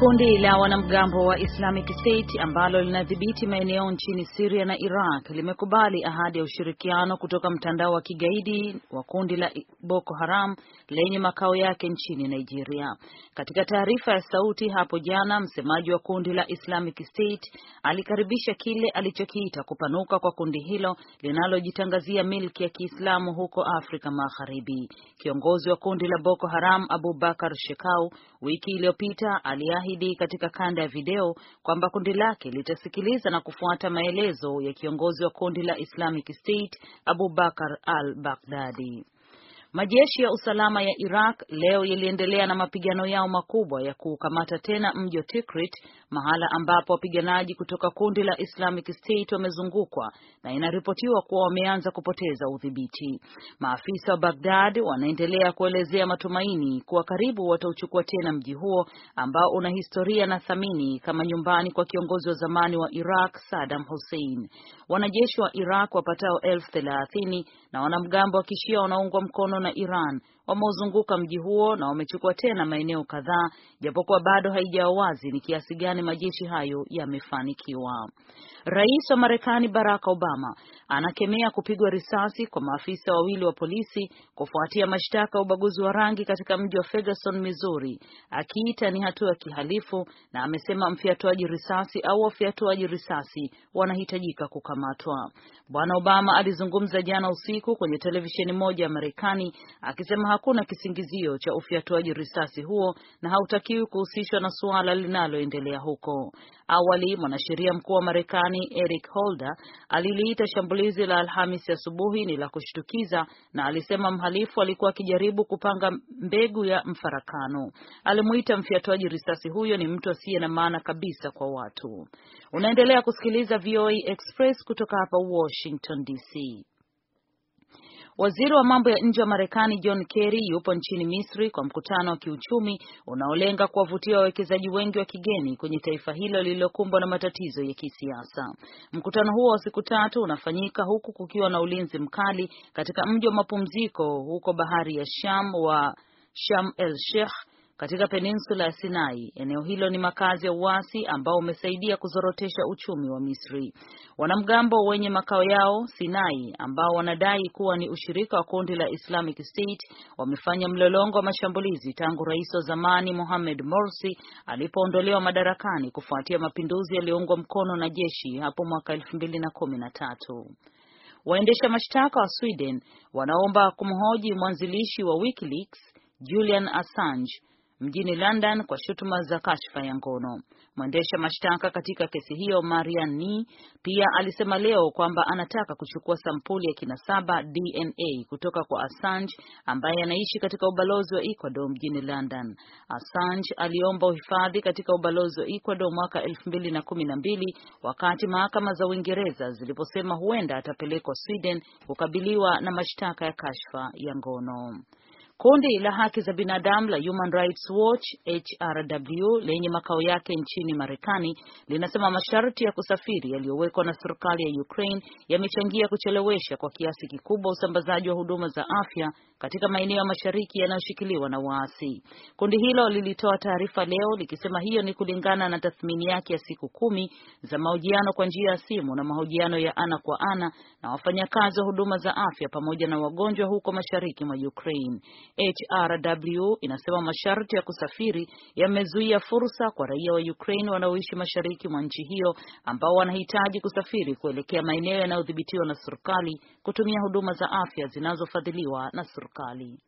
Kundi la wanamgambo wa Islamic State ambalo linadhibiti maeneo nchini Syria na Iraq limekubali ahadi ya ushirikiano kutoka mtandao wa kigaidi wa kundi la Boko Haram lenye makao yake nchini Nigeria. Katika taarifa ya sauti hapo jana, msemaji wa kundi la Islamic State alikaribisha kile alichokiita kupanuka kwa kundi hilo linalojitangazia milki ya Kiislamu huko Afrika Magharibi. Kiongozi wa kundi la Boko Haram Abu Bakar Shekau wiki iliyopita aliahidi ameahidi katika kanda ya video kwamba kundi lake litasikiliza na kufuata maelezo ya kiongozi wa kundi la Islamic State Abu Bakar al-Baghdadi. Majeshi ya usalama ya Iraq leo yaliendelea na mapigano yao makubwa ya kuukamata tena mji wa Tikrit, mahala ambapo wapiganaji kutoka kundi la Islamic State wamezungukwa na inaripotiwa kuwa wameanza kupoteza udhibiti. Maafisa wa Baghdad wanaendelea kuelezea matumaini kuwa karibu watauchukua tena mji huo ambao una historia na thamini kama nyumbani kwa kiongozi wa zamani wa Iraq Saddam Hussein. Wanajeshi wa Iraq wapatao elfu thelathini na wanamgambo wa kishia wanaungwa mkono na Iran wameuzunguka mji huo na wamechukua tena maeneo kadhaa, japokuwa bado haijawa wazi ni kiasi gani majeshi hayo yamefanikiwa. Rais wa Marekani Barack Obama anakemea kupigwa risasi kwa maafisa wawili wa polisi kufuatia mashtaka ya ubaguzi wa rangi katika mji wa Ferguson, Missouri, akiita ni hatua ya kihalifu, na amesema mfiatuaji risasi au wafiatuaji risasi wanahitajika kukamatwa. Bwana Obama alizungumza jana usiku usiku kwenye televisheni moja ya Marekani akisema hakuna kisingizio cha ufyatuaji risasi huo na hautakiwi kuhusishwa na suala linaloendelea huko. Awali, mwanasheria mkuu wa Marekani Eric Holder aliliita shambulizi la alhamis asubuhi ni la kushtukiza na alisema mhalifu alikuwa akijaribu kupanga mbegu ya mfarakano. Alimuita mfyatuaji risasi huyo ni mtu asiye na maana kabisa kwa watu. Unaendelea kusikiliza VOA Express kutoka hapa Washington DC. Waziri wa mambo ya nje wa Marekani John Kerry yupo nchini Misri kwa mkutano wa kiuchumi unaolenga kuwavutia wawekezaji wengi wa kigeni kwenye taifa hilo lililokumbwa na matatizo ya kisiasa. Mkutano huo wa siku tatu unafanyika huku kukiwa na ulinzi mkali katika mji wa mapumziko huko bahari ya Sham wa Sham El Sheikh katika peninsula ya Sinai. Eneo hilo ni makazi ya uasi ambao umesaidia kuzorotesha uchumi wa Misri. Wanamgambo wenye makao yao Sinai, ambao wanadai kuwa ni ushirika wa kundi la Islamic State, wamefanya mlolongo wa mashambulizi tangu rais wa zamani Mohamed Morsi alipoondolewa madarakani kufuatia mapinduzi yaliyoungwa mkono na jeshi hapo mwaka 2013. Waendesha mashtaka wa Sweden wanaomba kumhoji mwanzilishi wa WikiLeaks Julian Assange mjini London kwa shutuma za kashfa ya ngono. Mwendesha mashtaka katika kesi hiyo Marian Ni pia alisema leo kwamba anataka kuchukua sampuli ya kinasaba DNA kutoka kwa Assange ambaye anaishi katika ubalozi wa Ecuador mjini London. Assange aliomba uhifadhi katika ubalozi wa Ecuador mwaka 2012 wakati mahakama za Uingereza ziliposema huenda atapelekwa Sweden kukabiliwa na mashtaka ya kashfa ya ngono. Kundi la haki za binadamu la Human Rights Watch HRW lenye makao yake nchini Marekani linasema masharti ya kusafiri yaliyowekwa na serikali ya Ukraine yamechangia kuchelewesha kwa kiasi kikubwa usambazaji wa huduma za afya katika maeneo ya mashariki yanayoshikiliwa na waasi. Kundi hilo lilitoa taarifa leo likisema hiyo ni kulingana na tathmini yake ya siku kumi za mahojiano kwa njia ya simu na mahojiano ya ana kwa ana na wafanyakazi wa huduma za afya pamoja na wagonjwa huko mashariki mwa Ukraine. HRW inasema masharti ya kusafiri yamezuia fursa kwa raia wa Ukraine wanaoishi mashariki mwa nchi hiyo ambao wanahitaji kusafiri kuelekea maeneo yanayodhibitiwa na serikali kutumia huduma za afya zinazofadhiliwa na serikali.